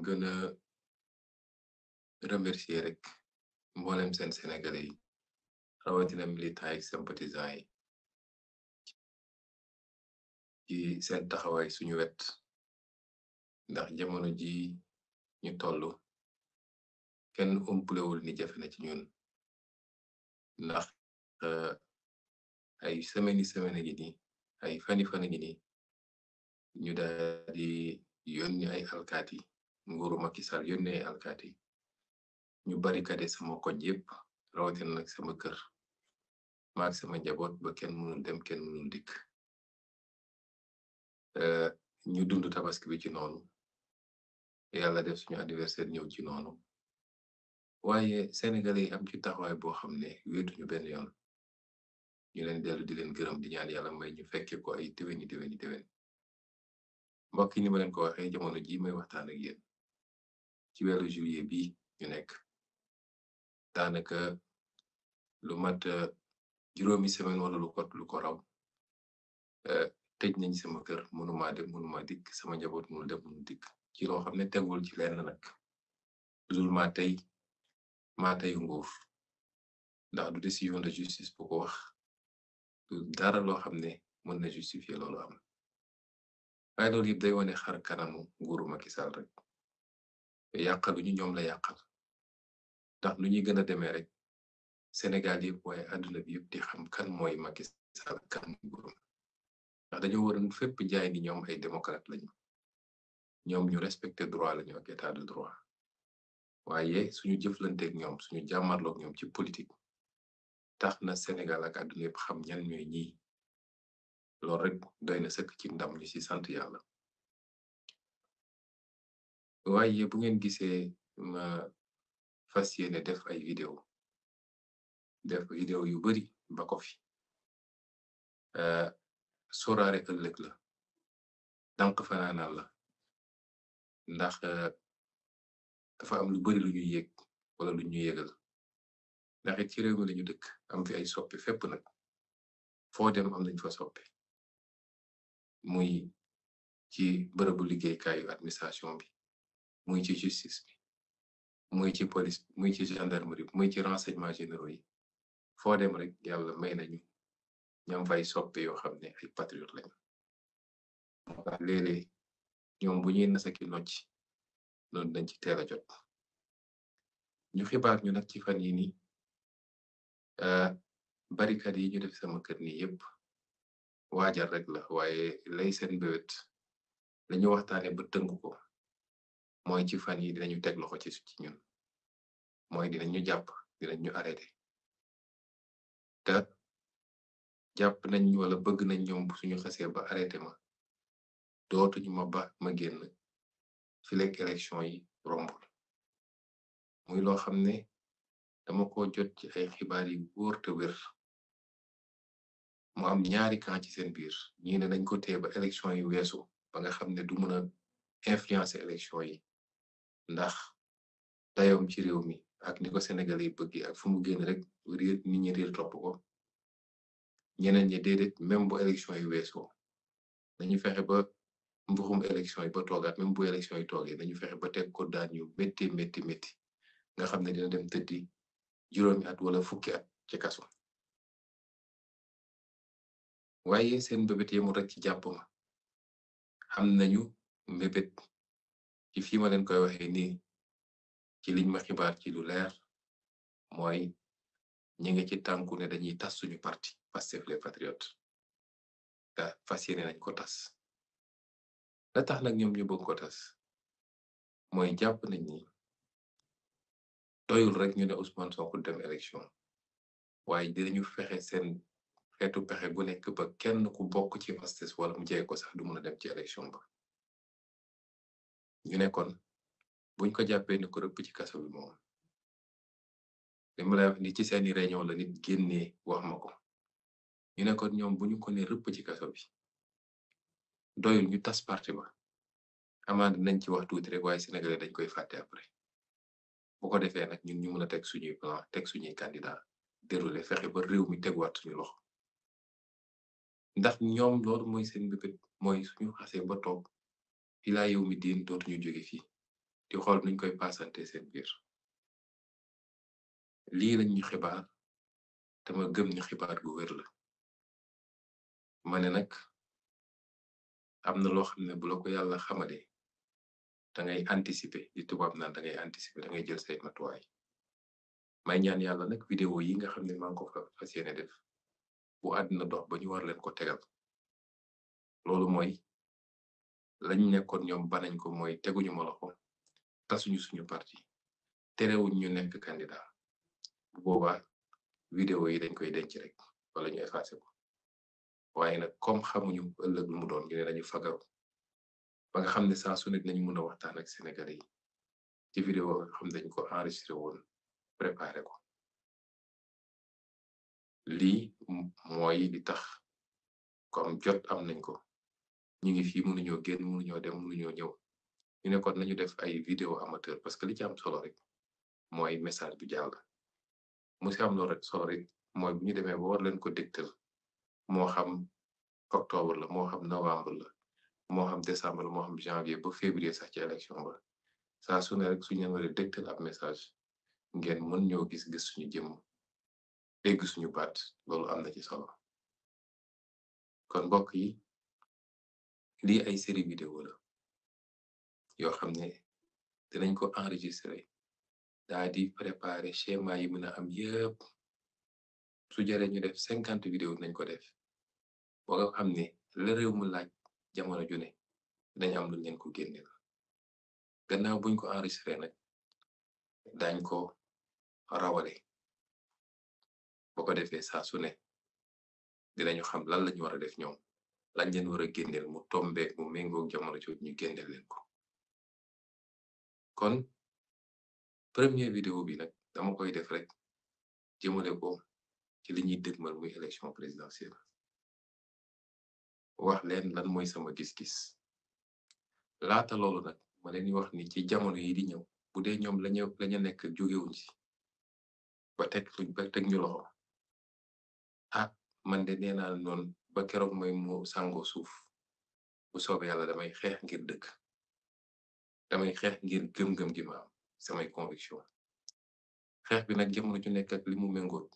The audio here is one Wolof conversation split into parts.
gën a remercier rek mboolem seen sénégalais yi rawatina militants yi sympathisants yi ci seen taxawaay suñu wet ndax jamono ji ñu toll kenn ëmplewul ni jafe ci ñun ndax euh, ay semaine yi semaine gi ni ay fani fani gi ni ñu daal di ay alkaati nguuru Macky Sall yónnee alkaati ñu barikade sama koñ yépp rawatina nag sama kër maak sama njaboot ba kenn mënul dem kenn mënul dikk eh, ñu dund tabaski bi ci noonu yàlla def suñu anniversaire ñëw ci noonu waaye sénégalais yi am ci taxawaay boo xam ne wéetuñu benn yoon ñu leen dellu di leen gërëm di ñaan yàlla may ñu fekke ko ay déwéni déwéni déwén mbokk yi ni ma leen ko waxee jamono ji may waxtaan ak yéen ci weeru juillet bi ñu nekk daanaka lu mat euh, juróomi semaine wala lu ko lu ko raw euh, nañ sama kër mënuma dem mënuma dikk sama njaboot mënul dem mënul dikk ci loo xam ne tegul ci lenn nag loolu maa tey maa tey nguur ndax du décision de justice bu wax dara loo xam ne mën na justifier loolu am waaye loolu yëpp day wane xar kanamu rek yàqaluñu ñoom la yàqal ndax lu ñuy gën a demee rek Sénégal yëpp waaye àdduna bi yëpp di xam kan mooy makis Sall kan nguuram ndax dañoo waroon fépp jaay ni ñoom ay démocrate lañu ñoom ñu respecté droit lañu ak état de droit waaye suñu jëflanteeg ñoom suñu jàmmarloog ñoom ci politique tax na Sénégal ak àdduna xam ñan ñooy ñi loolu rek doy na sëkk ci ndam ñu ci sant yàlla. waaye bu ngeen gisee ma fas yéene def ay vidéo def vidéo yu bëri ba ko fi eh, sóoraale ëllëg la dànk fanaanal la ndax eh, dafa am lu bari lu ñuy yëg wala lu ñu yëgal ndax ci réew mi lañu dëkk am fi ay soppi fépp nag foo dem am nañ fa soppi muy ci bërëbu liggéeykaayu administration bi muy ci justice bi muy ci police bi muy ci gendarmerie bi muy ci renseignement généraux yi foo dem rek yàlla may nañu ñam fay soppe yoo xam ne ay patriote lañu moo tax léeg ñoom bu ñuy nasaki nocc noonu dañ ci teel a jot ñu xibaar ñu nag ci fan yi ni barricade yi ñu def sama kër nii yépp waajal rek la waaye lay seen mbéwét lañu waxtaane ba tënk ko mooy ci fan yi dinañu teg loxo ci ci ñun mooy ñu jàpp dinañu arrêté te jàpp nañ wala bëgg nañ ñoom suñu xasee ba arrêté ma dootuñu ma ba ma ci fileeg élection yi rombul muy loo xam ne dama ko jot ci ay xibaar yi wóor te wér am ñaari camp ci seen biir ñii ne nañ ko téye ba élection yi weesu ba nga xam ne du mën a influencer élection yi ndax dayoom ci réew mi ak ni ko Sénégal yi bëgg ak fu mu génn rek réer nit ñi réer topp ko ñeneen ñi déedéet même bu élection yi weesoo dañu fexe ba mbuxum élection yi ba toogaat même bu élection yi toogee dañu fexe ba teg ko daan yu métti métti métti nga xam ne dina dem tëddi juróomi at wala fukki at ci kaso waaye seen mbébét yemul rek ci jàpp ma xam nañu mbébét ci fi ma leen koy waxe ni ci liñ ma xibaar ci lu leer mooy ñi ngi ci tànku ne dañuy tas suñu parti Pastef les patriotes te fas yéene nañ ko tas la tax nag ñoom ñu bëgg ko tas mooy jàpp nañ ni rek ñu ne Ousmane Sonko dem élection waaye dinañu fexe seen xeetu pexe bu nekk ba kenn ku bokk ci Pastef wala mu jege ko sax du mën a dem ci élection ba ñu ne buñ ko jàppee ni ko rëpp ci kaso bi moom mu la ni ci seeni réunion la nit génnee wax ma ko ñu ne kon ñoom bu ñu ko ne rëpp ci kaso bi doyul ñu tas parti ba amaana nañ ci wax tuuti rek waaye sénégalais dañ koy fàtte après bu ko defee nag ñun ñu mën a teg suñuy plan teg suñuy candidat déroulé fexe ba réew mi teguwaat suñu lox ndax ñoom loolu mooy seen mbébét mooy suñu xasee ba toog ilaa yow mi diin dootuñu jóge fii di xool nuñ koy paasante seen biir lii lañ ñu xibaar te ma gëm ñu xibaar gu wér la ma ne nag am na loo xam ne bu la ko yàlla xamale da ngay anticiper di tubaab naan da ngay anticiper da ngay jël say matuwaay may ñaan yàlla nag vidéo yi nga xam ne maa ngi def bu àddina dox ba ñu war leen ko tegal loolu mooy lañ nekkoon ñoom banañ ko mooy teguñu ma loxo tasuñu suñu parti terewuñ ñu nekk candidat bu boobaa vidéo yi dañ koy denc rek wala ñu effacé ko waaye nag comme xamuñu ëllëg lu mu doon ñu ne dañu fagaru ba xam ne saa su nekk nañu mën a waxtaan ak Sénégalais yi ci vidéo xam dañ ko enregistré woon préparé ko lii mooy li tax comme jot am nañ ko ñu ngi fii mënuñoo génn mënuñoo dem mënuñoo ñëw ñu ne kon nañu def ay vidéo amateur parce que li ci am solo rek mooy message bu jàll mu si am rek solo rek ñu demee ba war leen ko dégtal moo xam octobre la moo xam novembre la moo xam décembre la moo xam janvier ba février sax ci élection ba saa su ne rek suñu waree dégtal ab message ngeen mën ñoo gis gis suñu jëmm dégg suñu baat loolu am na ci solo kon mbokk yi lii ay série vidéo yoo xam ne dinañ ko enregistre daa di préparé schéma yi mën a am yépp su jëree ñu def cinquante vidéo nañ ko def boo nga xam ne la réew mu laaj jamono ju ne dinañ am lu leen ko génneel gannaaw buñ ko enregistré nag dañ ko rawale boo ko defee saa su ne dinañu xam lan lañu war a def ñoom lañ leen war a génneel mu tombeek mu méngoo jamono jooju ñu génneel leen ko kon premier vidéo bi nag dama koy def rek jëmale ko ci li ñuy dëgmal muy élection présidentielle wax leen lan mooy sama gis-gis laata loolu nag ma leen di wax ni ci jamono yi di ñëw bu dee ñoom lañu lañu nekk jógewuñ ci ba teg luñ ñu loxo a ah, man de nee naa ba keroog may mu sàngoo suuf bu soobee yàlla damay xeex ngir dëkk damay xeex ngir gëm-gëm gi ma samay conviction xeex bi nag jamono ju nekk li mu méngool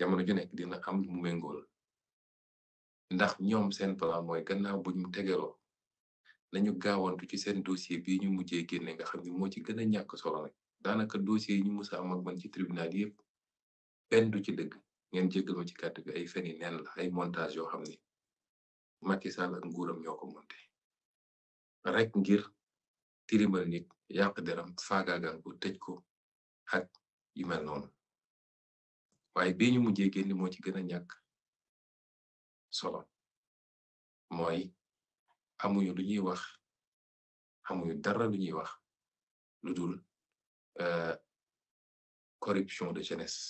jamono ju nekk dina am li mu méngool ndax ñoom seen plan mooy gannaaw buñ mu tegaloo nañu gaawantu ci seen dossier bii ñu mujjee génne nga xam moo ci gën a ñàkk solo nag daanaka dossier yi ñu musa am ak man ci tribunal yépp benn du ci dëgg ngeen jéggal ma ci bi ay feni neen la ay montage yoo xam ni Macky Sall ak rek ngir tirimal nit yàq deram faagaagal ko tëj ko ak yu mel noonu waaye bii ñu mujjee génn moo ci gën a ñàkk solo mooy amuñu lu ñuy amuñu dara lu ñuy wax lu dul euh, corruption de jeunesse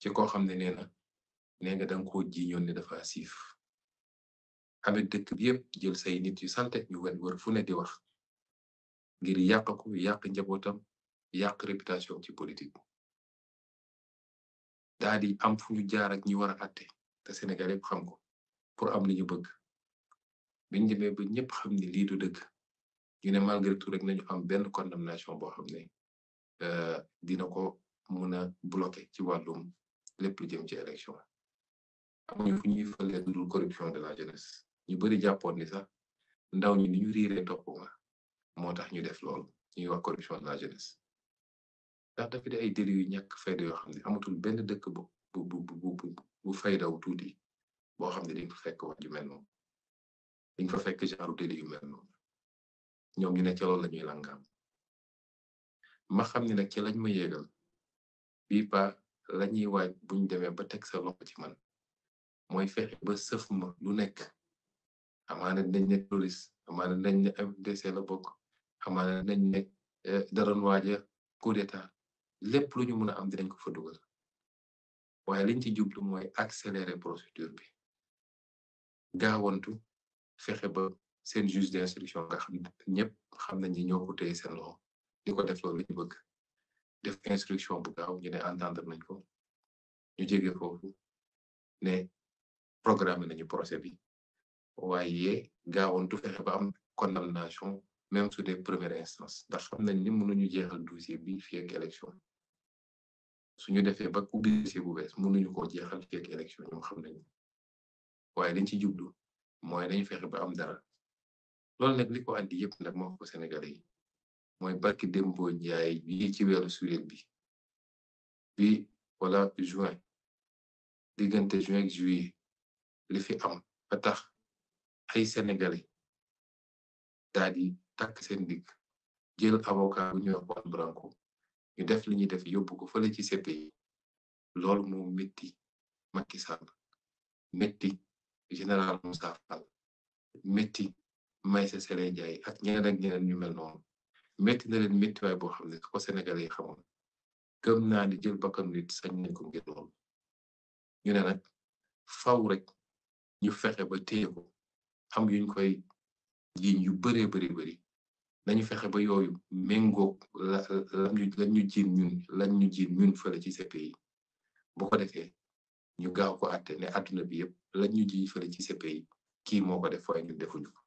ci koo xam ne nee na nee nga danga ji ñoon ne dafa siif xamit dëkk bi yëpp jël say nit yu sante ñu wen wër fu ne di wax ngir yàq ko yàq njabootam yàq réputation ci politique daadi am fu ñu jaar ak ñi war a àtte te Sénégal yëpp xam ko pour am li ñu bëgg biñ demee ba ñëpp xam ni lii du dëkk ñu ne malgré tout rek nañu am benn condamnation boo xam ne euh, dina ko mën a bloqué ci wàllum lépp lu jëm ci élection amuñu fu ñuy fëlee dul corruption de la jeunesse ñu bari jàppoon ni sax ndaw ñi ni ñu riiree topp moo tax ñu def lool ñuy wax corruption de la jeunesse ndax dafa di ay dérives yu ñàkk fayda yoo xam ne amatul benn dëkk bu bu bu bu faydaw tuuti boo xam ne dañ fa fekk wax ju dañ fa fekk genre dérives yu mel noonu ñoom ñu ne ca loolu la ñuy langaam ma xam ne nag ci lañ ma yéegal bii pa la ñuy waaj buñ demee ba teg sa loxo ci man mooy fexe ba sëf ma lu nekk amaana dañ ne touriste amaana dañ ne MDC la bokk amaana dañ ne eh, daroon waaja coup d'état lépp lu ñu mën a am dinañ ko fa dugal waaye liñ ci jublu mooy accélérer procédure bi gaawantu fexe ba seen juge d'instruction nga xam xam nañ ni ñoo ko seen loxo di ko def loolu lañu bëgg def instruction bu gaaw ñu ne entendre nañ ko ñu jege foofu ne programme nañu procès bi waaye gaawantu fexe ba am condamnation même su dee première instance ndax xam nañ ni mënuñu jeexal dossier bi fii ak élection suñu defee ba ubbi dossier bu bees mënuñu koo jeexal fii ak élection xam nañ waaye dañ ci jublu mooy dañu fexe ba am dara loolu nag li ko andi yëpp nag moo ko Sénégalais mooy barki démbo njaay bii ci weeru sulet bi bi wala juin diggante juin ak li fi am ba tax ay sénégalais daal di seen digg jël avocat bu ñuy wax Branco ñu def li ñuy def yóbbu ko fële ci CPI loolu moo métti Macky Sall métti général Moussa Fall métti Maïssa Sélé Ndiaye ak ñeneen ak ñeneen ñu mel noonu métti na leen métti waay boo xam ne ko Sénégalais yi xamoon gëm naa ni jël bakkan nit sañ ne ko ngir loolu ñu ne nag faw rek ñu fexe ba téye ko yuñ koy jiñ yu bëree bëri bëri nañu fexe ba yooyu méngóog la lañ ñu jiin ñun lañ ñu jiin ñun fële ci CPI bu ko defee ñu gaaw ko àtte ne àdduna bi yëpp lañ ñu jiin fële ci CPI kii moo ko def waaye ñun defuñu ko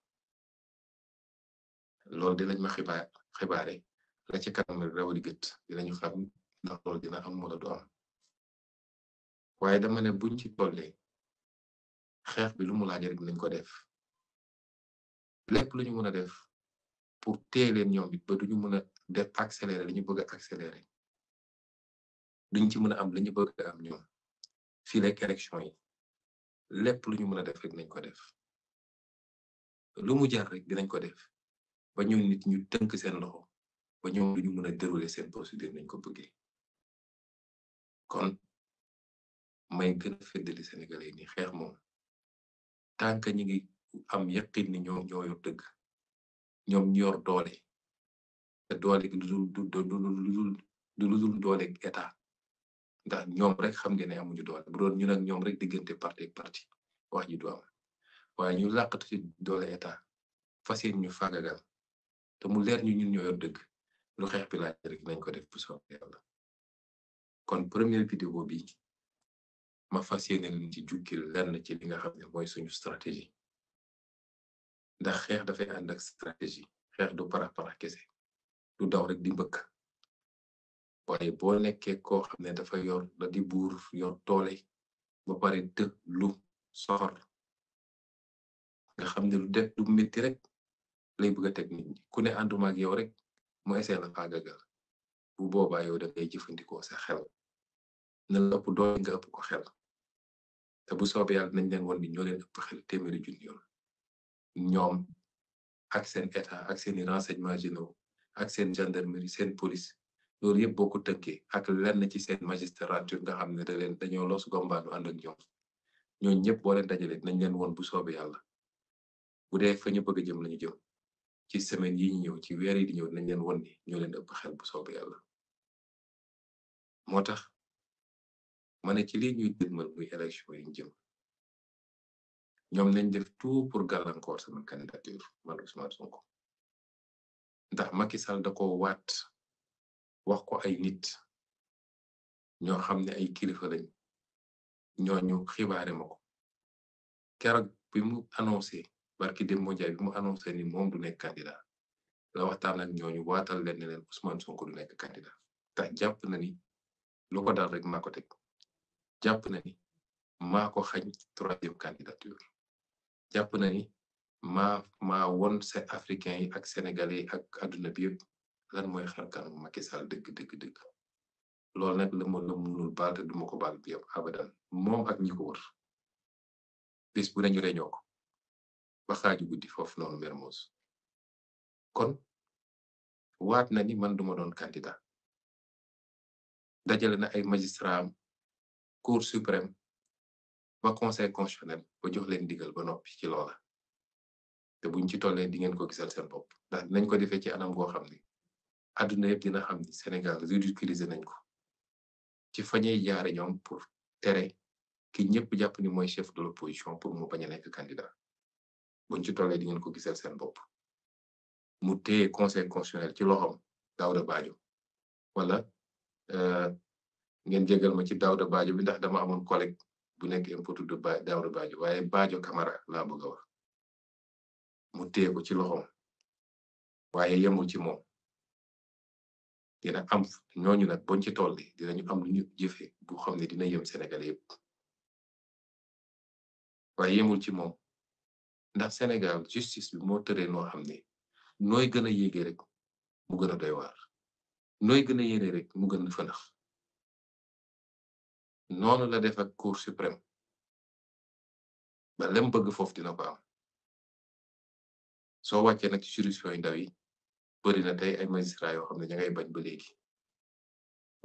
loolu dinañ ma xibaar xibaare la ci kanam raw di gët dinañu xam ndax loolu dina am wala du am waaye dama ne buñ ci tollee xeex bi lu mu laaj rek nañ ko def lépp luñu ñu mën a def pour téye leen ñoom it ba duñu mën a def accélérer li ñu bëgg a accélérer duñ ci mën a am li ñu ñoom fii rek élection yi lépp lu ñu mën a def rek nañ ko def lu mu jar rek dinañ ko def ba ñëw nit ñu tënk seen loxo ba ñoom du ñu mën a dérouler seen procédure nañ ko bëggee kon may gën a feddali Sénégalais yi xeex moom tant que ñu ngi am yaqin ni ñoo yor dëgg ñoom ñu yor doole te doole du dul dul dul doole état ndax ñoom rek xam ngeen ne amuñu doole bu doon ñu nag ñoom rek diggante parti ak parti wax ji du am ñu làqatu ci doole état fas yéene ñu fagagal te leer ñu ñun ñoo dëgg lu xeex bi laaj rek nañ ko def bu soobee yàlla kon première vidéo bi ma fas yéene leen ci jukkil lenn ci li nga xam ne mooy suñu stratégie ndax xeex dafay ànd ak stratégie xeex du para para kese du daw rek di mbëkk waaye boo nekkee koo xam ne dafa yor da di buur yor doole ba pare dë lu soxor nga xam ne lu du métti rek lay buga a ku ne ànduma ak yow rek mu essayé la xaagagal bu boobaa yow da ngay jëfandikoo sa xel na la ëpp doole nga ëpp ko xel te bu soobee yàlla nañ leen woon ni ñoo leen ëpp xel téeméeri junni yoon ñoom ak seen état ak seeni renseignements généraux ak seen gendarmerie seen police loolu yëpp boo ko tënkee ak na ci seen magistrature nga xam ne da leen dañoo los gombaanu ànd ak ñoom ñooñu ñëpp boo leen dajalee nañ leen woon bu soobee yàlla bu dee fa ñu bëgg jëm lañu jëm ci semaine yi ñu ñëw ci weer yi di ñëw nañ leen won ni ñoo leen ëpp xel bu soobee yàlla moo tax ma ne ci lii ñuy dëgmal ñu jëm ñoom nañ def tout pour gàllankoor sama candidature man Ousmane Sonko ndax Macky Sall da ko waat wax ko ay nit ñoo xam ne ay kilifa lañ ñooñu xibaare ma ko keroog bi mu annoncé barki dem moo jaay bi mu annoncé ni moom du nekk candidat la waxtaan ak ñooñu waatal leen ne leen Ousmane Sonko du nekk candidat tax jàpp na ni lu ko daal rek maa ko teg jàpp na ni maa ko xañ troisième candidature na ni maa yi ak sénégalais yi ak adduna bi yëpp lan mooy xar kanam Macky Sall dëgg dëgg dëgg loolu nag la ma la munul baal te duma ko baal bi yëpp abadan moom ak ñi ko wër bis bu ne ñu reñoo ko ba xaaju guddi foofu noonu Mermoz kon waat na ni man duma doon candidat dajale na ay magistrat am cour suprême ba conseil constitutionnel ba jox leen digal ba noppi ci loola te buñ ci tollee di ngeen ko gisal seen bopp ndax dinañ ko defee ci anam goo xam ne àdduna yëpp dina xam ni Sénégal ridiculiser nañ ko ci fañey jaar ñoom pour tere ki ñëpp jàpp ni mooy chef de l'opposition pour mu bañ a nekk candidat buñ ci tollee di ngeen ko gisal seen bopp mu téye conseil constitutionnel ci loxoom Daouda Badio wala euh, ngeen jégal ma ci Daouda Badio bi ndax dama amoon collègue bu nekk impôt de ba Daouda Badio waaye Badio Camara laa bëgg a wax mu téye ko ci loxom waaye yemul ci moom dina am ñooñu nag buñ ci tollee dinañu am lu ñu jëfee bu xam ne dina yem Sénégal yëpp waaye yemul ci moom. ndax Sénégal justice bi moo tëree noo xam ne nooy gën a yéegee rek mu gën a doy waar nooy gën a yéene rek mu gën a fënax noonu la def ak cour suprême ba lem bëgg foofu dina ko am soo wàccee nag ci juridiction yu ndaw bëri na tey a magistrat yoo xam ne ña bañ ba léegi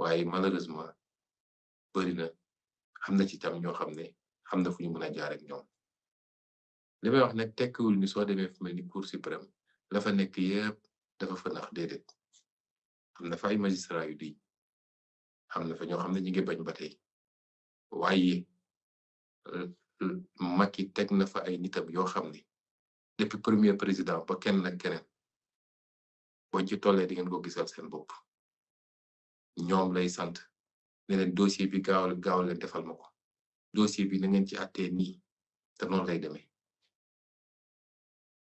waaye malheureusement bëri na xam na ci tam ñoo xam ne xam na fu ñu mën a jaar ñoom. li may wax nag tekkiwul ni soo demee fu mel ni cour suprême la fa nekk yëpp dafa fa nax déedéet am na fa ay magistrat yu di am na fa ñoo xam ne ñu ngi bañ ba tey waaye Macky teg na fa ay nitam yoo xam ne depuis premier président ba kenn nag keneen boñ ci tollee di ngeen ko gisal seen bopp ñoom lay sant ne leen dossier bi gaaw gaaw leen defal ma ko dossier bi na ngeen ci àttee nii te lay demee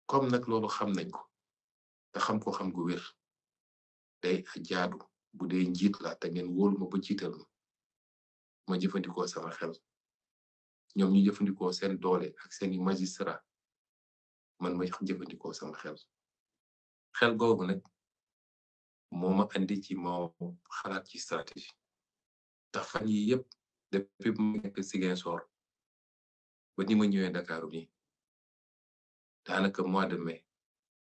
comme nag loolu xam nañ ko te xam ko xam gu wér day jaadu bu dee njiit la te ngeen wóolu ma ba jiital ma ma jëfandikoo sama xel ñoom ñu jëfandikoo seen doole ak seeni magistrat man ma jëfandikoo sama xel xel googu nag moo ma andi ci ma xalaat ci stratégie ndax fan yi yëpp depuis bu ma nekk Ziguinchor ba ni ma ñëwee Dakaaru nii daanaka mois de mai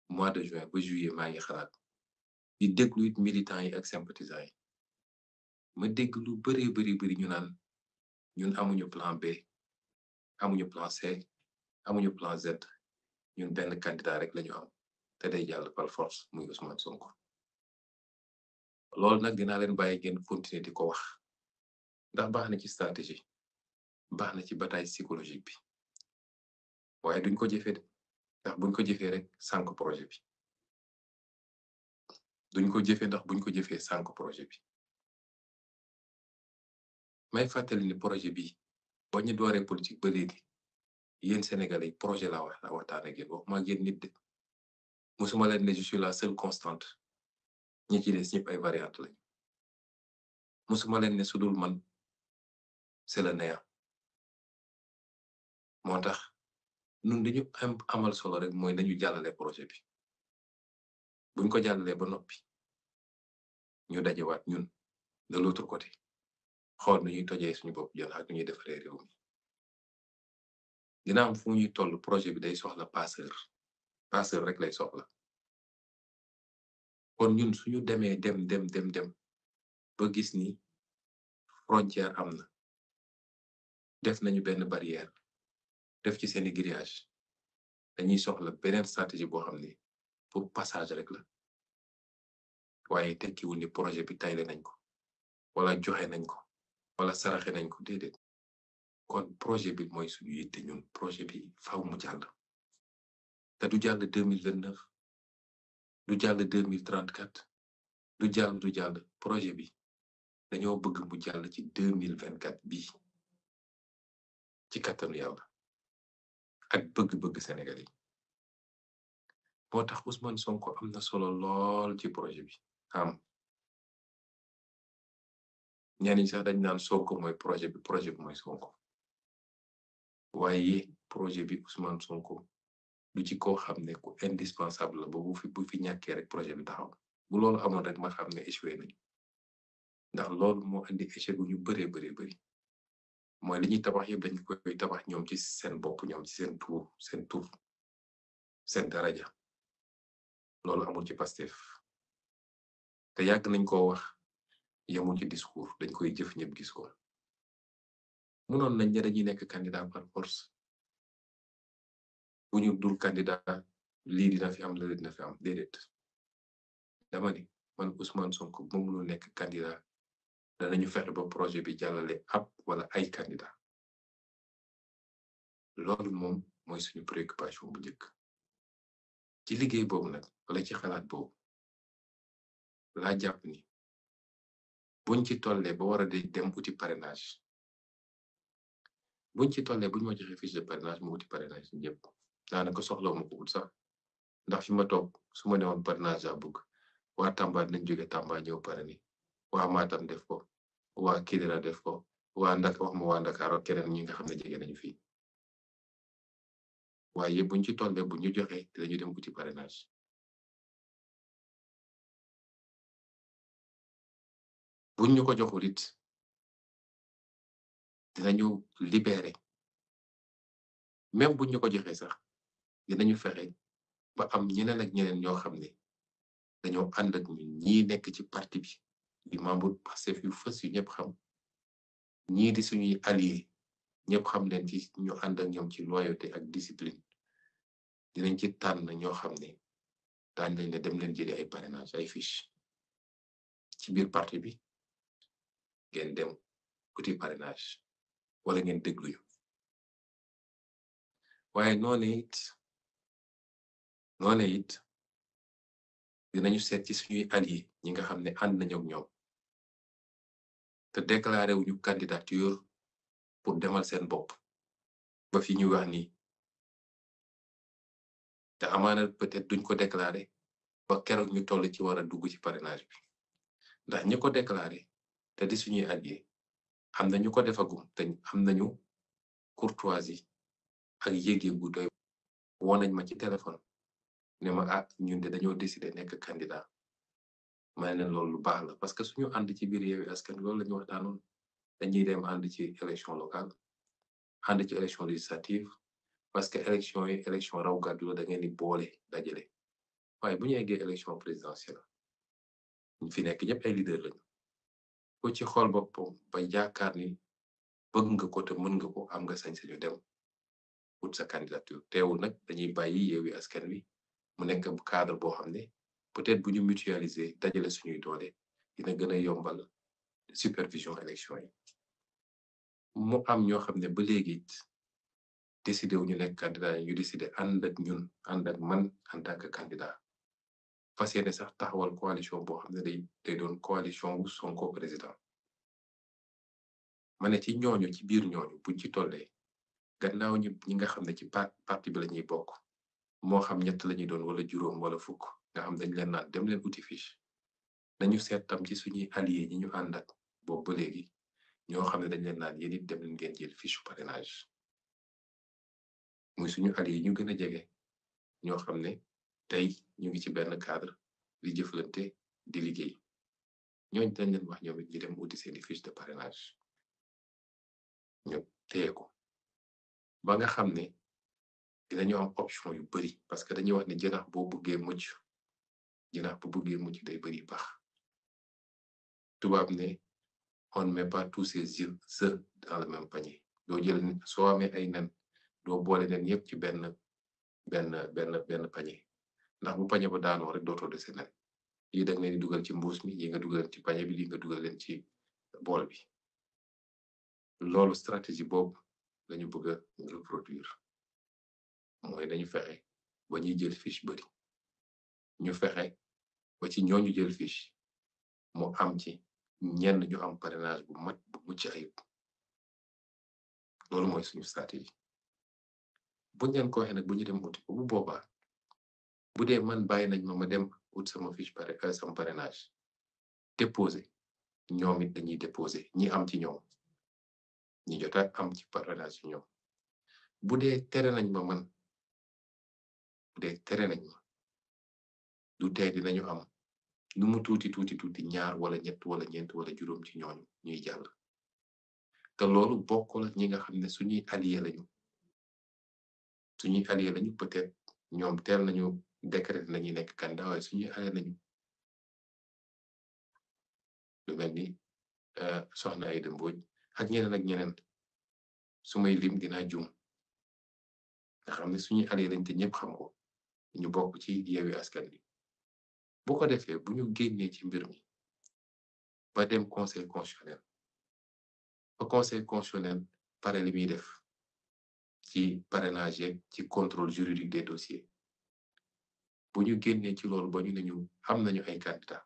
mois de juin ba juillet maa ngi xalaat di déglu it yi ak sympathisants yi ma dégg lu bëree bëri bëri ñu naan ñun amuñu plan B amuñu plan C amuñu plan Z ñun benn candidat rek lañu am te day jàll par force muy Ousmane Sonko loolu nag dinaa leen bàyyi ngeen continuer di ko wax ndax baax na ci stratégie baax na ci bataille psychologique bi waaye duñ ko jëfee ndax buñ ko jëfee rek sànq projet bi duñ ko jëfee ndax buñ ko jëfee sànq projet bi may fàttali ne projet bi ba ñu dooree politique ba léegi yéen Sénégalais projet laa wax la waxtaan ak yéen waxuma ak yéen mosuma leen ne je la seule constante ñi ci des ñëpp ay variante lañu mosuma leen ne su dul man c'est moo tax. nu dañu am amal solo rek mooy nañu jàllale projet bi buñ ko jàllalee ba noppi ñu dajewaat ñun de l'autre côté xool nu ñuy tojee suñu bopp yoon ak nu ñuy defaree réew mi dina am fu ñuy toll projet bi day soxla passeur passeur rek lay soxla kon ñun suñu demee dem dem dem dem ba gis ni frontière am na def nañu benn barrière def ci seeni grillage dañuy soxla beneen stratégie boo xam ne pour passage rek la waaye tekkiwul ni projet bi tayle nañ ko wala joxe nañ ko wala saraxe nañ ko déedéet kon projet bi mooy suñu yitte ñun projet bi faw mu jàll te du jàll deux mille vingt neuf du jàll deux mille trente quatre du jàll du jàll projet bi dañoo bëgg mu jàll ci deux mille vingt quatre bii ci kattanu yàlla. ak bëgg-bëgg Sénégal moo tax usman Sonko am na solo lool ci projet bi am ñenn sax dañ naan Sonko mooy projet bi projet bi mooy Sonko waaye projet bi Ousmane Sonko du ci koo xam ne ku indispensable la ba bu fi bu fi ñàkkee rek projet bi taxaw bu lool amoon rek ma xam ne échoué ndax lool moo indi échec gu ñu bëree bëree bëri. mooy li ñuy tabax yëpp dañ koy tabax ñoom ci seen bopp ñoom ci seen tur seen tur seen daraja loolu amul ci Pastef te yàgg nañ koo wax yemul ci discours dañ koy jëf ñëpp gis ko munoon nañ ne dañuy nekk candidat par force bu ñu dul candidat lii dina fi am la dina fi am déedéet dama ni man Ousmane Sonko bu ma nekk candidat danañu fexe ba projet bi jàllale ab wala ay candidat loolu moom mooy suñu préoccupation bu njëkk ci liggéey boobu nag wala ci xalaat boobu laa jàpp ni buñ ci tollee ba war a di dem uti parrainage buñ ci tollee buñ ma joxe fiche de parrainage ma uti parrainage ñëpp ko soxla ma ko ut sax ndax fi ma toog su ma newoon parrainage laa bëgg waa Tamba dinañ jóge Tamba ñëw pare ni waa Matam def ko waa Kidira def ko waa Ndak wax ma waa Ndakaar ñi nga xam ne jege nañu fii waaye buñ ci tolle bu ñu joxe dinañu dem uti parrainage buñ ñu ko joxul it dinañu libéré même bu ñu ko joxe sax dinañu fexe ba am ñeneen ak ñeneen ñoo xam ne dañoo ànd ak ñun ñii nekk ci parti di membre Pastef yu fës yu ñëpp xam ñii di suñuy allié ñëpp xam leen ci ñu ànd ñoom ci loyauté ak discipline dinañ ci tànn ñoo xam ne daañ lañ ne dem leen jëli ay parrainage ay fiche ci biir parti bi ngeen dem uti parrainage wala ngeen déglu ñu waaye noonu it noonu it seet ci suñuy allié ñi nga xam ne ànd nañu ak ñoom te déclaré wuñu candidature pour demal seen bopp ba fi ñu wax nii te amaana peut-être duñ ko déclaré ba keroog ñu toll ci war a dugg ci parrainage bi ndax ñi ko déclaré te di suñuy alliés am na ñu ko defagum te am nañu courtoisie ak yéege bu doy woo nañ ma ci téléphone ne ma ah ñun de dañoo décider nekk candidat may leen loolu lu baax la parce que suñu ànd ci biir Yewwi Askan Wi loolu la ñu waxtaanoon dañuy dem ànd ci élection locale ànd ci élection législative parce que élection yi élection raw gàddu la da ngeen di boole dajale waaye bu ñu eggee élection présidentielle ñu fi nekk ñëpp ay leader lañu ko ci xool boppam ba yaakaar ni bëgg nga ko te mën nga ko am nga sañ-sañu dem wut sa candidature teewul nag dañuy bàyyi Yewwi Askan Wi mu nekk cadre boo xam ne. peut-être bu ñu mutualiser dajale suñuy doole dina gën a yombal supervision élection yi mu am ñoo xam ne ba léegi it décidé wu ñu nekk candidat yi ñu décidé ànd ak ñun ànd ak man en tant que candidat fas yéene sax taxawal coalition boo xam ne day day doon coalition wu Sonko président ma ne ci ñooñu ci biir ñooñu buñ ci tollee gannaaw ñi ñi nga xam ne ci parti bi la ñuy bokk moo xam ñett la doon wala juróom wala fukk nga xam dañ leen naan dem leen uti fiche nañu seet tam ci suñuy allié ñi ñu ànd ak boobu léegi ñoo xam ne dañ leen naan yéen it dem leen ngeen jël fiche parrainage muy suñu allié ñu gën a jege ñoo xam ne tey ñu ngi ci benn cadre di jëflante di liggéey ñooñ dañ leen wax ñoom it dem uti seeni fiche de parrainage ñu téye ba nga xam ne dinañu am option yu bëri parce que dañuy wax ne jënax boobu bëggee mucc jinax bu bëggee mucc day bëri pax tubaab ne on ne met pas tous ses œufs dans le même doo jël soo amee ay nen doo boole nen yépp ci benn benn benn benn panier ndax bu panier ba daanoo rek dootoo dese nen yi dag leen dugal ci mbuus mi yi nga dugal ci panier bi li nga dugal leen ci bool bi loolu stratégie boobu lañu bëgg a reproduire mooy dañu fexe ba ñuy jël fiche bëri ñu fexe ba ci ñooñu jël fiche mu am ci ñenn ñu am parrainage bu mat bu mucc ayib loolu mooy suñu stratégie buñ leen ko waxee nag bu ñu dem wuti ko bu boobaa bu dee man bàyyi nañ ma ma dem wut sama fiche pare euh, sama parrainage déposé ñoom it dañuy déposé ñi am ci ñoom ñi jot a am ci parrainage ci ñoom bu dee tere nañ ma man bu dee tere nañ ma du tey dinañu am nu mu tuuti tuuti tuuti ñaar wala ñett wala ñeent wala juróom ci ñooñu ñuy jàll te loolu bokk la ñi nga xam ne suñuy allié lañu suñuy allié lañu peut ñoom teel nañu décrété nañu nekk candidat waaye suñuy allié lañu lu mel ni euh, soxna ay ak ñeneen ak ñeneen su may lim dinaa juum nga xam ne suñuy allié lañ te ñëpp xam ko ñu bokk ci yeewi askan bi bu ko defee bu ñu génnee ci mbir mi ba dem conseil constitutionnel ba conseil constitutionnel pare li muy def ci parrainage ci contrôle juridique des dossiers bu ñu génnee ci loolu ba ñu ne ñu am nañu ay candidat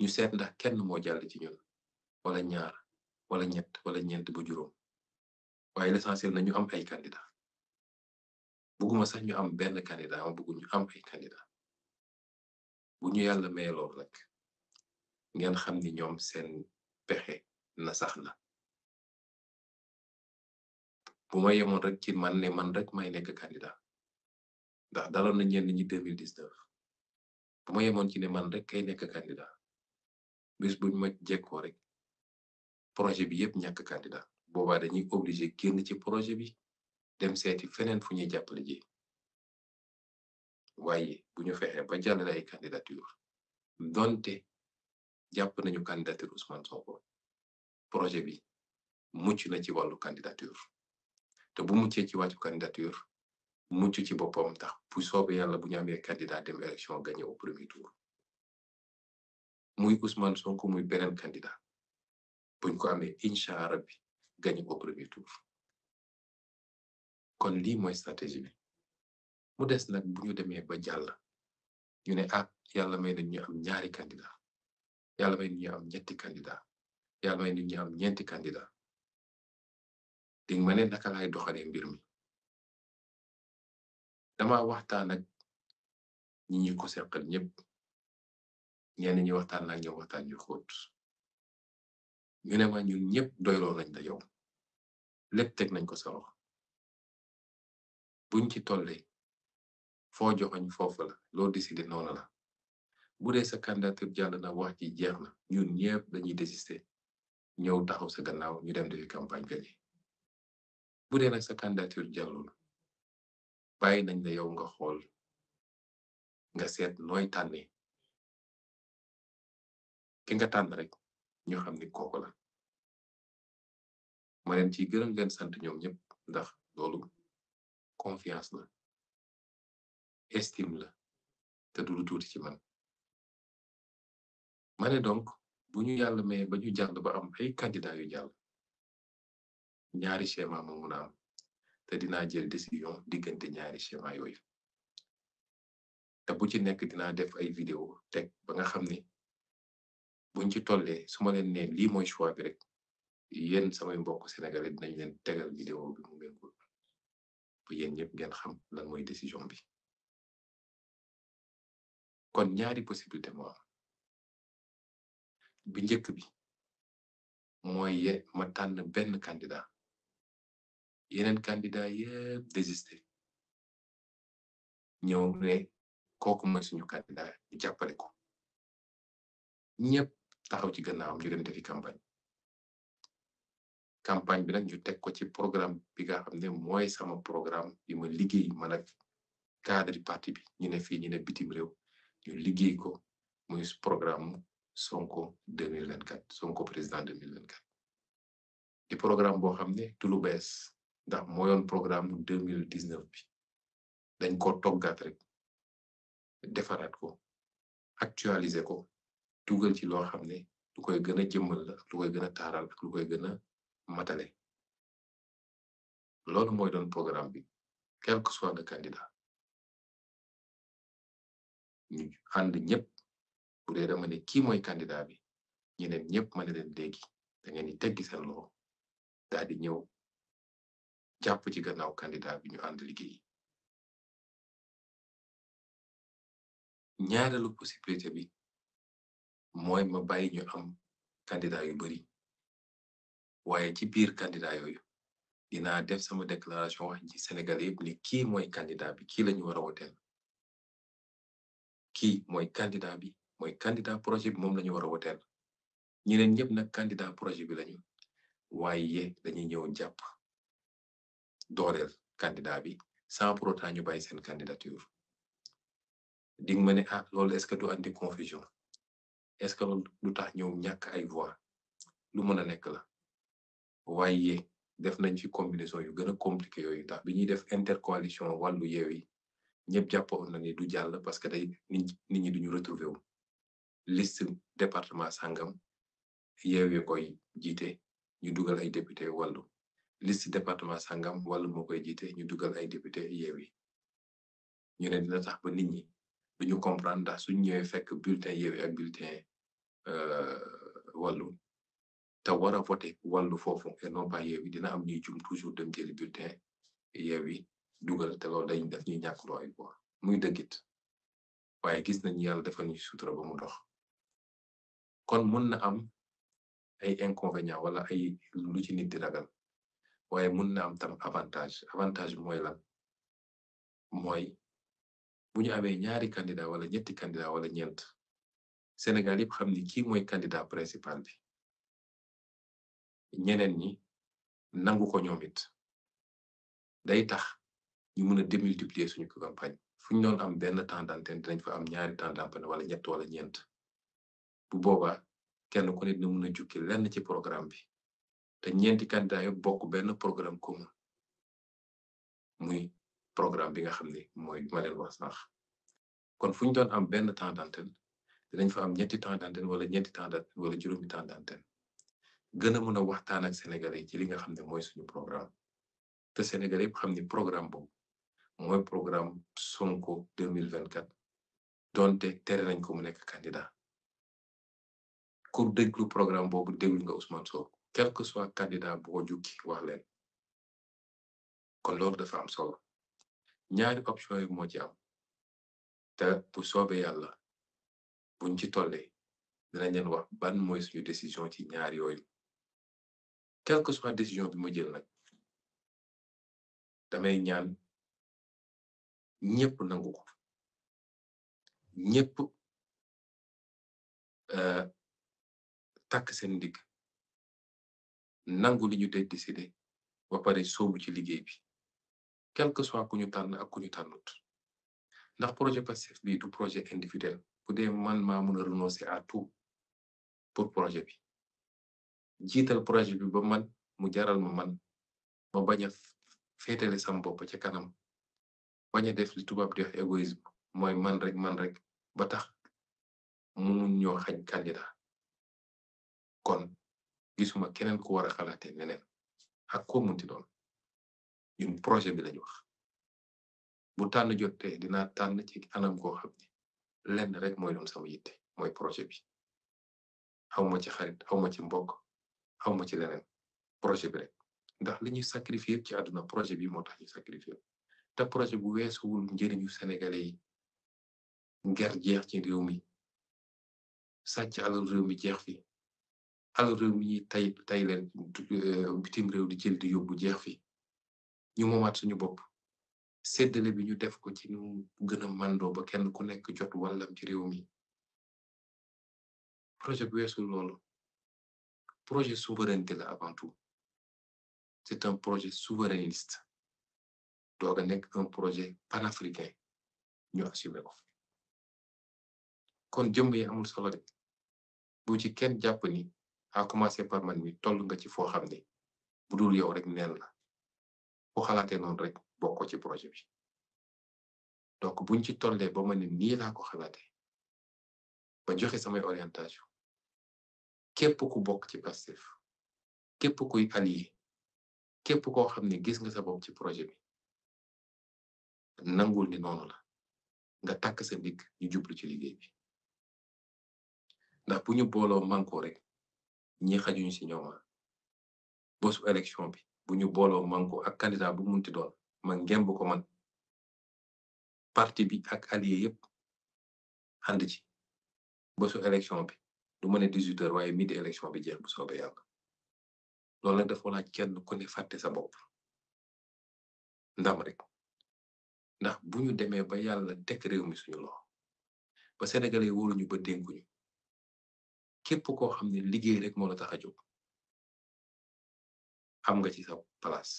ñu seet ndax kenn moo jàll ci ñun wala ñaar wala ñett wala ñeent ba juróom waaye l'essentiel na ñu am ay candidat bëgguma sax ñu am benn candidat ma bëgg ñu am ay candidat bu ñu yàlla may lool ngeen xam ni ñoom seen pexe na sax na bu ma yemoon rek ci man ne man rek may nekk candidat ndax daloon na ñenn ñi 2019 bu ma yemoon ci ne man rek kay nekk candidat bis buñ ma jekkoo rek projet bi yépp ñàkk candidat boobaa dañuy obligé génn ci projet bi dem seeti feneen fu ñuy jàppale ji waaye bu ñu fexe ba jàllale ay candidature donte jàpp nañu candidature Ousmane Sonko projet bi mucc na ci wàllu candidature te bu muccee ci wàllu candidature mucc ci boppam tax bu soobee yàlla bu ñu amee candidat dem élection gagné au premier tour muy Ousmane Sonko muy beneen candidat buñ ko amee incha allah bi gagné premier tour kon lii mooy stratégie bi. mu des nag bu ñu demee ba jàlla ñu ne ah yàlla may nañ ñu am ñaari candidat yàlla may nañ ñu am ñetti candidat yàlla ma ne naka laay doxalee mbir mi dama waxtaan ak ñi ñu ko seqal ñëpp ñenn ñi waxtaan ak ñoom waxtaan yu xóot ñu ne ma ñun ñëpp doyloo nañ da yow lépp teg nañ ko sa wax buñ ci tollee foo joxoñ foofu la loo décidé noonu la bu dee sa candidature jàll na wax ji jeex na ñu ñëpp dañuy désister ñëw taxaw sa gannaaw ñu dem defi campagne gañe bu dee nag sa candidature jàllul bàyyi nañ la yow nga xool nga seet nooy tànne ki nga tànn rek ñoo xam ni kooku la ma leen ci gërëm leen sant ñoom ñëpp ndax loolu confiance la estime la te du lu tuuti ci man ma donc bu ñu yàlla mais ba ñu jàll ba am ay candidat yu jàll ñaari schéma ma mun te dinaa jël décision diggante ñaari schéma yooyu te bu ci nekk dinaa def ay vidéo teg ba nga xam ne buñ ci tollee su ma leen ne lii mooy choix bi rek yéen samay mbokk sénégalais dinañ leen tegal vidéo bi mu ngeen ko ba yéen ñëpp xam lan mooy décision bi kon ñaari possibilité moo bi njëkk bi mooy ma tànn benn candidat yeneen candidat yépp désister ñëw ne kooku mooy suñu candidat ñu jàppale ko ñëpp taxaw ci gannaawam ñu dem defi campagne campagne bi nag ñu teg ko ci programme bi nga xam ne mooy sama programme bi ma liggéey man ak cadre parti bi ñu ne fii ñu ne bitim réew ñu liggéey ko muy programme Sonko 2024 Sonko président 2024 di programme boo xam ne du lu bees ndax mooyoon programme bu 2019 bi dañ ko toggaat rek defaraat ko actualiser ko dugal ci loo xam ne lu koy gën a jëmmal la ak lu koy gën a taaral ak lu koy gën a matale loolu mooy doon programme bi quel que soit le candidat ñu ànd ñëpp bu dee dama ne kii mooy candidat bi ñu ñëpp ma ne leen léegi da ngeen di teggi seen loxo daal ñëw jàpp ci gannaaw candidat bi ñu ànd liggéey ñaareelu possibilité bi mooy ma bàyyi ñu am candidat yu bari waaye ci biir candidat yooyu dinaa def sama déclaration wax ci Sénégal yëpp ni kii mooy candidat bi kii lañu wara a woteel kii mooy candidat bi mooy candidat projet bi moom la ñu war a woteel ñeneen ñëpp nag candidat projet bi lañu waaye dañuy ñëw jàpp dooleel candidat bi sans pour autant ñu bàyyi seen candidature di nga ma ne ah loolu est-ce que du andi confusion est-ce que loolu du tax ñëw ñàkk ay voix lu mën a nekk la waaye def nañ fi combinaison yu gën a compliqué yooyu tax bi ñuy def intercoalition wàllu yeew yi ñëpp jàppoon na ni du jàll parce que day nit nit ñi duñu retrouver wu liste département sangam yeewe koy jiite ñu dugal ay député wàllu liste département sangam wàllu moo koy jiite ñu dugal ay député yeewi ñu ne dina sax ba nit ñi duñu comprendre ndax suñ ñëwee fekk bulletin yeewi ak bulletin euh, wàllu te war a voté wàllu foofu et non pas yeewi dina am ñuy jum toujours dem jëli bulletin yeewi dugal te lool dañ def ñuy ñàkk loo ay muy dëggit waaye gis nañu yàlla defal ñu sutura ba mu dox kon mën na am ay inconvénients wala ay lu ci nit di ragal waaye mën na am tam avantage avantage bi mooy la mooy bu ñu amee ñaari candidat wala ñetti candidat wala ñeent Sénégal yëpp xam ni kii mooy candidat principal bi ñeneen ñi nangu ko ñoomit day tax ñu mën a démultiplier suñu campagne fu ñu doon am benn temps d'antenne dinañ fa am ñaari temps d'antenne wala ñett wala ñeent bu boobaa kenn ku ne dina mën a jukki lenn ci programme bi te ñeenti candidat bokk benn programme commun muy programme bi nga xam ne mooy ma leen wax sax kon fu ñu doon am benn temps d'antenne dinañ fa am ñetti temps d'antenne wala ñeenti temps d'antenne wala juróomi temps gën a mën a waxtaan ak Sénégalais yi ci li nga xam ne mooy suñu programme te Sénégalais yëpp xam ni programme boobu mooy programme Sonko 2024 donte tere nañ ko mu nekk candidat ku déglu programme boobu déglu nga Ousmane Sonko quel que soit candidat bu ko jukki wax kon loolu dafa am solo ñaari option yi moo ci am te bu soobee yàlla buñ ci tollee dinañ leen wax ban mooy suñu décision ci ñaar yooyu quel que soit décision bi mu jël nag ñaan ñëpp nangu ko ñëpp euh, takk seen ndigg nangu li ñu décidé ba pare sóobu ci liggéey bi quel que soit ku ñu tànn ak ku ndax projet Pastef bi du projet individuel bu dee man maa mën a renoncer pour projet bi jiital projet bi ba man mu jaral ma man ma bañ a féetale sama bopp ca kanam bañ def li tubaab di wax égoïsme mooy man rek man rek ba tax mu ñoo xañ candidat kon gisuma keneen ku war a xalaatee neneen ak koo munti doon ñun projet bi lañu wax bu tànn jotee dinaa tànn ci anam koo xam ni rek mooy doon sama yitte mooy projet bi xawma ci xarit xawma ci mbokk xawma ci leneen projet bi rek ndax li ñuy sacrifier ci àdduna projet bi moo tax ñu sacrifier te projet bu weesuwul njëriñu sénégalais yi nger jeex ci réew mi sàcc alal réew mi jeex fi alal réew mi ñuy tay bitim réew di jël di yóbbu jeex fi ñu moomaat suñu bopp séddale bi ñu def ko ci nu gën a mandoo ba kenn ku nekk jot wàllam ci réew mi projet bu weesul loolu projet souveraineté la avant tout c'est un projet souverainiste doog a nekk un projet panafricain ñu assumer ko kon jëmm yi amul solo de bu ci kenn jàpp ni ah, a commencer par man mi toll nga ci foo xam ne bu dul yow rek neen la bu xalaatee noonu rek bokko ci projet bi donc buñ ci tollee ba ma ne nii laa xalaate ba joxe samay orientation képp ku bokk ci Pastef képp kuy allié képp koo xam ne gis nga sa bopp ci projet bi nangul ni noonu la nga takk sa ndigg ñu jublu ci liggéey bi ndax bu ñu booloo mànkoo rek ñi xajuñ si ñooma ah. bosu élection bi bu ñu booloo mànkoo ak candidat bu munti doon ma ngemb ko man parti bi ak allié yépp ànd ci bosu élection bi du ma ne 18 heures waaye midi élection bi jeex bu soobee yàlla loolu nag dafa laaj kenn ko ne fàtte sa bopp ndam rek ndax bu ñu demee ba yàlla teg réew mi suñu loxo ba sénégalais yi wóoruñu ba dénkuñu képp koo xam ne liggéey rek moo la tax a jóg am nga ci sa place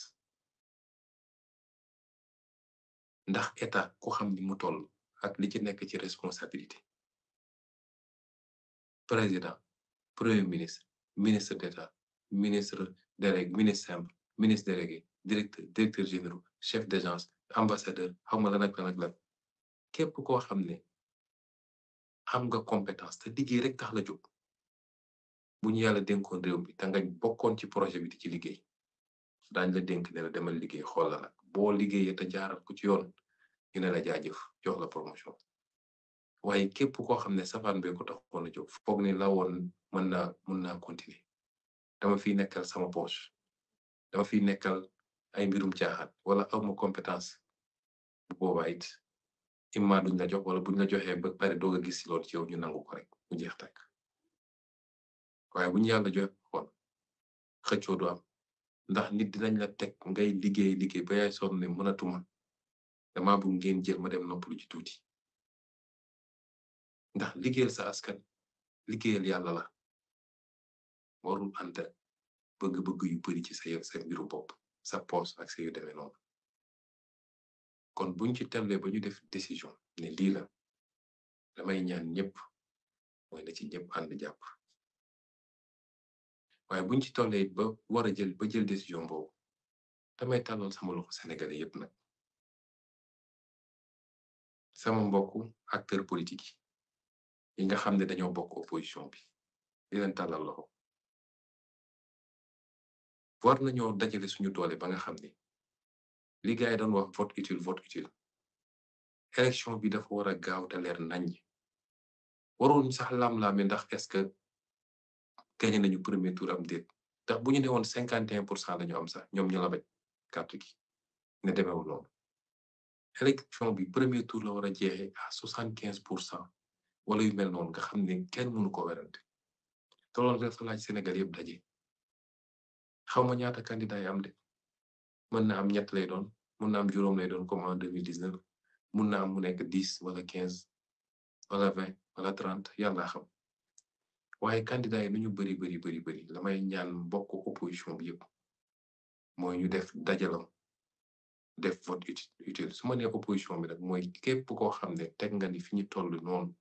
ndax état ku xam ni mu toll ak li ci nekk ci responsabilité président premier ministre ministre d'état ministre délégué ministre simple ministre délégué directeur directeur général chef d'agence ambassadeur xaw ma lan la lan ak lan képp koo xam ne am nga compétence te liggéey rek tax la jóg bu ñu yàlla dénkoon réew mi te nga bokkoon ci projet bi di ci liggéey dañ la dénk ne la demal liggéey xool la nag boo liggéeyee te jaaral ko ci yoon ñu la jaajëf jox la promotion waaye képp koo xam ne safaan bee ko taxoon a jóg foog ne la woon mën naa mën naa continuer dama fiy nekkal sama poche dama fiy nekkal. ay mbirum caaxaan wala awma compétence bu boobaa imma duñ la jox wala buñ la joxe ba pare doog a gis si loolu ci yow ñu nangu ko rek mu jeex tàkk waaye bu ñu yàlla jox xool am ndax nit dinañ la teg ngay liggéey liggéey ba yaay sonn ne mënatuma dama bu ngeen jël ma dem noppalu ci tuuti ndax liggéeyal sa askan liggéeyal yàlla la warul ànd bëgg-bëgg yu bari ci sa sa bopp sa poos ak sa yu demee noonu kon buñ ci temlee ba ñu def décision ne lii la damay ñaan ñëpp mooy na ci ñëpp ànd jàpp waaye buñ ci tollee ba war a jël ba jël décision boobu damay tàllal sama loxo sénégalais yépp nag sama mbokku acteur politique yi nga xam ne dañoo bokk opposition bi di leen tàllal loxo war nañoo dajale suñu doole ba nga xam ne li gaay yi doon wax vote utile vote utile élection bi dafa war a gaaw te leer naññ waroon sax laam-laame ndax est-ce que gagné nañu premier tour am déet ndax bu ñu ne woon cinquante en pour cent la ñu am sax ñoom ñu la bañ gi ne demeewul noonu élection bi premier tour la war a jeexee à soixante quinze pour cent wala yu mel noonu nga xam ne kenn mënu ko werante te loolu dafa laaj Sénégal yëpp daje. xaw ma ñaata candidat am de mën na am ñett lay doon mën na am juróom lay doon comme en deux mille dix neuf mën na am mu nekk dix wala quinze wala vingt wala trente yàlla xam waaye candidat yi nu ñu bari bari bari lamay ñaan bokk opposition bi yëpp mooy ñu def dajaloo def vote utile su ma nee opposition bi nag mooy képp koo xam ne teg nga ni fi ñu toll noonu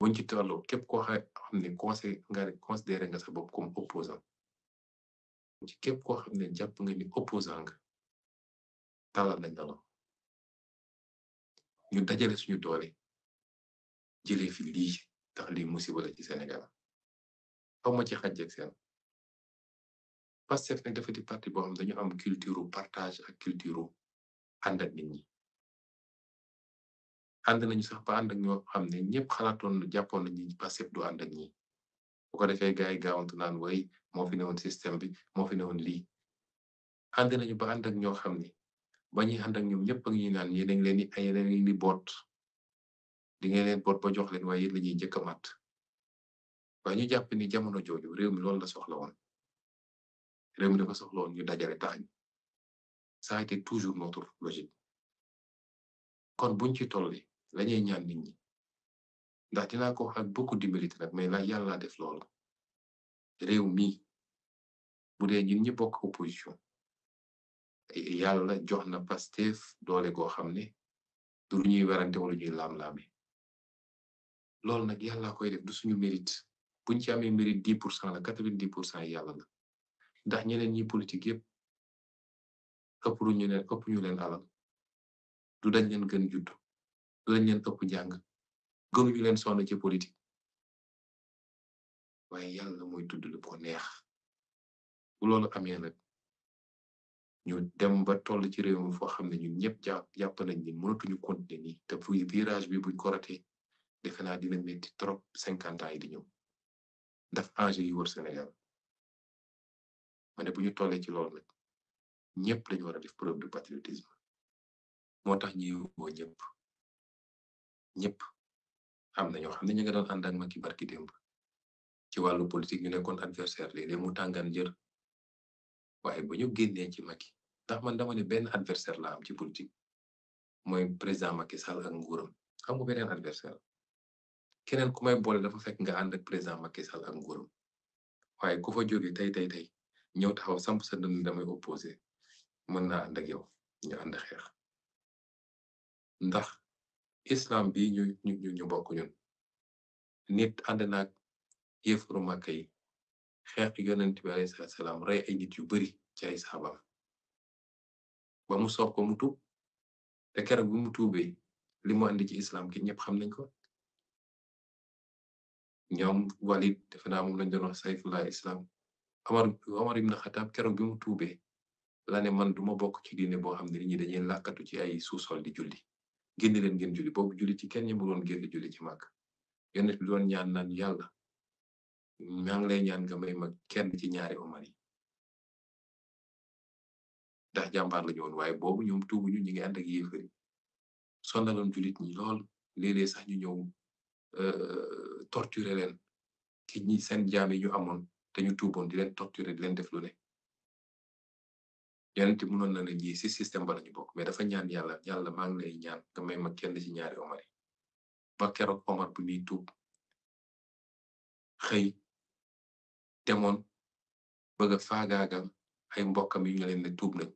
buñ ci tolloo képp koo xam ne conseil nga considéré sa bopp comme opposant ci képp koo xam ne jàpp nga ni opposant nga talal nañ la ñu dajale suñu doole jëlee fi lii tax lii musiba la ci Sénégal xaw ma ci xàjj ak seen Pastef nag dafa di parti boo xam dañu am culture partage ak culture ànd ak nit ñi ànd sax ba ànd ak ñoo xam ne ñëpp xalaatoon jàppoon nañu Pastef du ànd ñi bu ko defee gars yi gaawantu naan way moo fi newoon système bi moo fi newoon lii ànd nañu ba ànd ak ñoo xam ni ba ñuy ànd ak ñoom ñëpp ak ñuy naan yéen a ngi leen di ay yéen a ngi leen di boot di ngeen leen boot ba jox leen waaye yéen la ñuy njëkk a mat waaye ñu jàpp ni jamono jooju réew mi loolu la soxla woon réew mi dafa soxla woon ñu dajale taxañ ça a été toujours notre logique kon buñ ci tolli lañuy ñaan nit ñi ndax dinaa ko wax ak beaucoup dimbalite nag mais la yàlla def loolu réew mi bu dee ñun ñi bokk opposition yàlla jox na Pastef doole goo xam ne du lu ñuy werante wala ñuy laam-laame loolu nag yàlla koy def du suñu mérite buñ ci amee mérite dix pour cent la quatre vingt dix pour cent yi ndax ñeneen ñi politique yépp ëpp ñu leen ëpp ñu alal du dañ leen gën judd du dañ leen ëpp jàng gëmuñu leen sonn ci politique waaye yàlla mooy tudd lu ko neex bu loolu amee nag ñu dem ba toll ci réew mi foo xam ne ñun ñëpp jàpp jàpp nañ ni mënatuñu continuer virage bi buñ ko ratee defe naa dina métti trop cinquante ans yi di ñëw ndax enjeu yi wër Sénégal ma ne tollee ci loolu nag ñëpp dañu war a def preuve de patriotisme moo tax ñuy woo ñëpp ñëpp am na ñoo xam ne ñu nga doon ànd ak barki démb ci wàllu politique ñu nekkoon adversaire léeg-léeg mu tàngaan jër waaye bu ñu génnee ci Macky ndax man dama ne benn adversaire la am ci politique mooy président maki Sall ak nguuram xam mu beneen adversaire keneen ku may boole dafa fekk nga ànd ak président maki Sall ak nguuram waaye ku fa jóge tey tey tey ñëw taxaw samp sa dënn damay opposé mën naa ànd ak yow ñu ànd xeex ndax islam bi ñu ñu ñu bokk ñun nit ànd naag yëfuru màkka yi xeex yonent bi alayhi salaatu salaam rey ay nit yu bari ci ay saabam ba mu soob ko mu tuub te keroog bi mu tuubee li mu andi ci islam ki ñëpp xam nañ ko ñoom walid defe naa moom lañ doon wax sayfullah islam Omar Omar ibn Khattab keroog bi mu tuubee la ne man duma bokk ci diine boo xam ne nit ñi dañuy làkkatu ci ay suusol di julli génn leen ngeen juli boobu julli ci kenn ñi mu doon génn julli ci màgg yonent bi doon ñaan naan yàlla maa ngi lay ñaan nga may ma kenn ci ñaari Omar yi ndax jàmbaar la ñu woon waaye boobu ñoom tuubuñu ñu ngi ànd ak yéefar yi sonnaloon jullit ñi lool léeg-léeg sax ñu ñëw euh, torturer leen ci ñi seen jaam yi ñu amoon te ñu tuuboon di leen torturer di leen def lu ne yonent mënoon na ne ñii si système ba lañu bokk mais dafa ñaan yàlla yàlla maa ngi ñaan nga may ma kenn ci ñaari omar yi ba keroog omar bu muy tuub xëy demoon bëgg a faagaagal ay mbokkam yu ñu leen ne nañ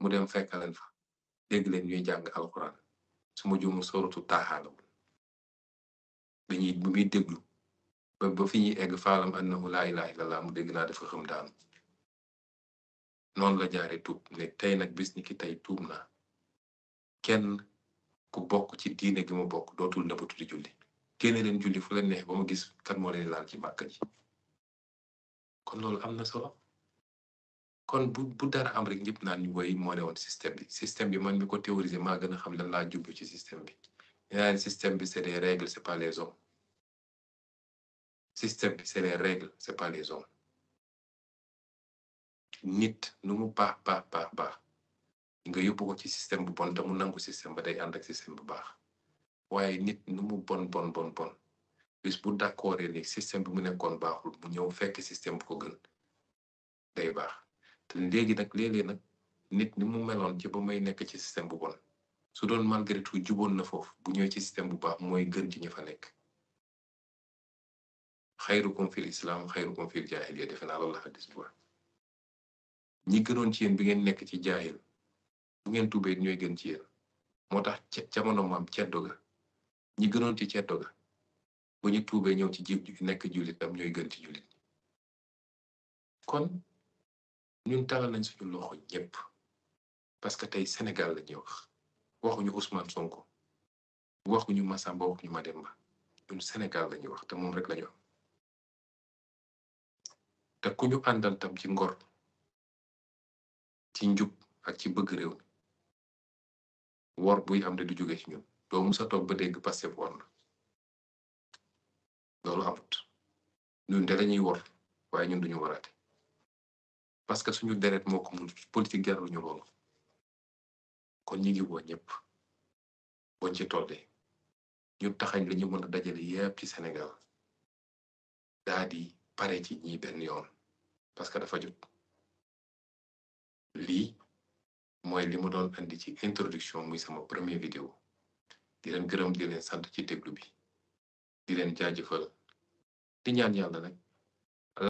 mu dem fekkaleen fa dégg leen ñuy jàng alxuraan su ma juumul sóoratu taaxaala dañuy bu muy déglu ba ba fi ñuy egg faalam annahu laa ilaaha illallah mu dégg naa dafa xam noonu la jaare tuub ne tey nag bis ni ki tey tuub na kenn ku bokk ci diine gi ma bokk dootul nëbbatu di julli génne leen julli fu leen neex ba ma gis kan moo leen laal ci màkk ji kon loolu am na solo kon bu bu dara am rek ñëpp naan ñu woy moo ne woon système bi système bi man mi ko théoriser maa gën a xam lan laa jublu ci système bi ñaareel système bi c'est des règles c'est pas les hommes bi c'est les règles c'est pas les nit nu mu baax baax baax baax nga yóbbu ko ci système bu bon te mu nangu système ba day ànd ak système bu baax waaye nit nu mu bon bon bon bon bis bu d'accord ni système bi mu nekkoon baaxul mu ñëw fekk système bu ko gën day baax te léegi nag léeg-léeg nag nit ni mu meloon ci ba may nekk ci système bu bon su doon malgré tout juboon na foofu bu ñëwee ci système bu baax mooy gën ci ñu fa nekk xayrukum fil islam xayrukum fi jaahiliya defe la xadis bu ñi gënoon ci yéen bi ngeen nekk ci jaahil bu ngeen tuubee ñooy gën ci yéen moo tax jamono maam ceddo ga ñi gënoon ci ceddo ga bu ñu tuubee ñëw ci ji nekk jullitam ñooy gën ci jullit kon ñun talal nañ suñu loxo ñépp parce que tey Sénégal la wax waxuñu Ousmane Sonko waxuñu Massamba waxuñu Mademba ñun Sénégal la wax te moom rek la ñu am te ku àndal tam ci ngor ci njub ak ci bëgg réew mi wor buy am de du jóge ci ñun doo musa toog ba dégg Pastef wor na loolu amut ñun de lañuy wor waaye ñun duñu waraate parce que suñu deret moo ko mun politique jaraluñu loolu kon ñi ngi woo ñëpp boñ ci ñu taxañ la mën a dajale yépp ci senegal daa di pare ci ñi benn yoon parce que dafa jot lii mooy li ma doon andi ci introduction muy sama premier vidéo di leen gërëm di leen ci déglu bi di leen jaajëfal di ñaan yàlla nag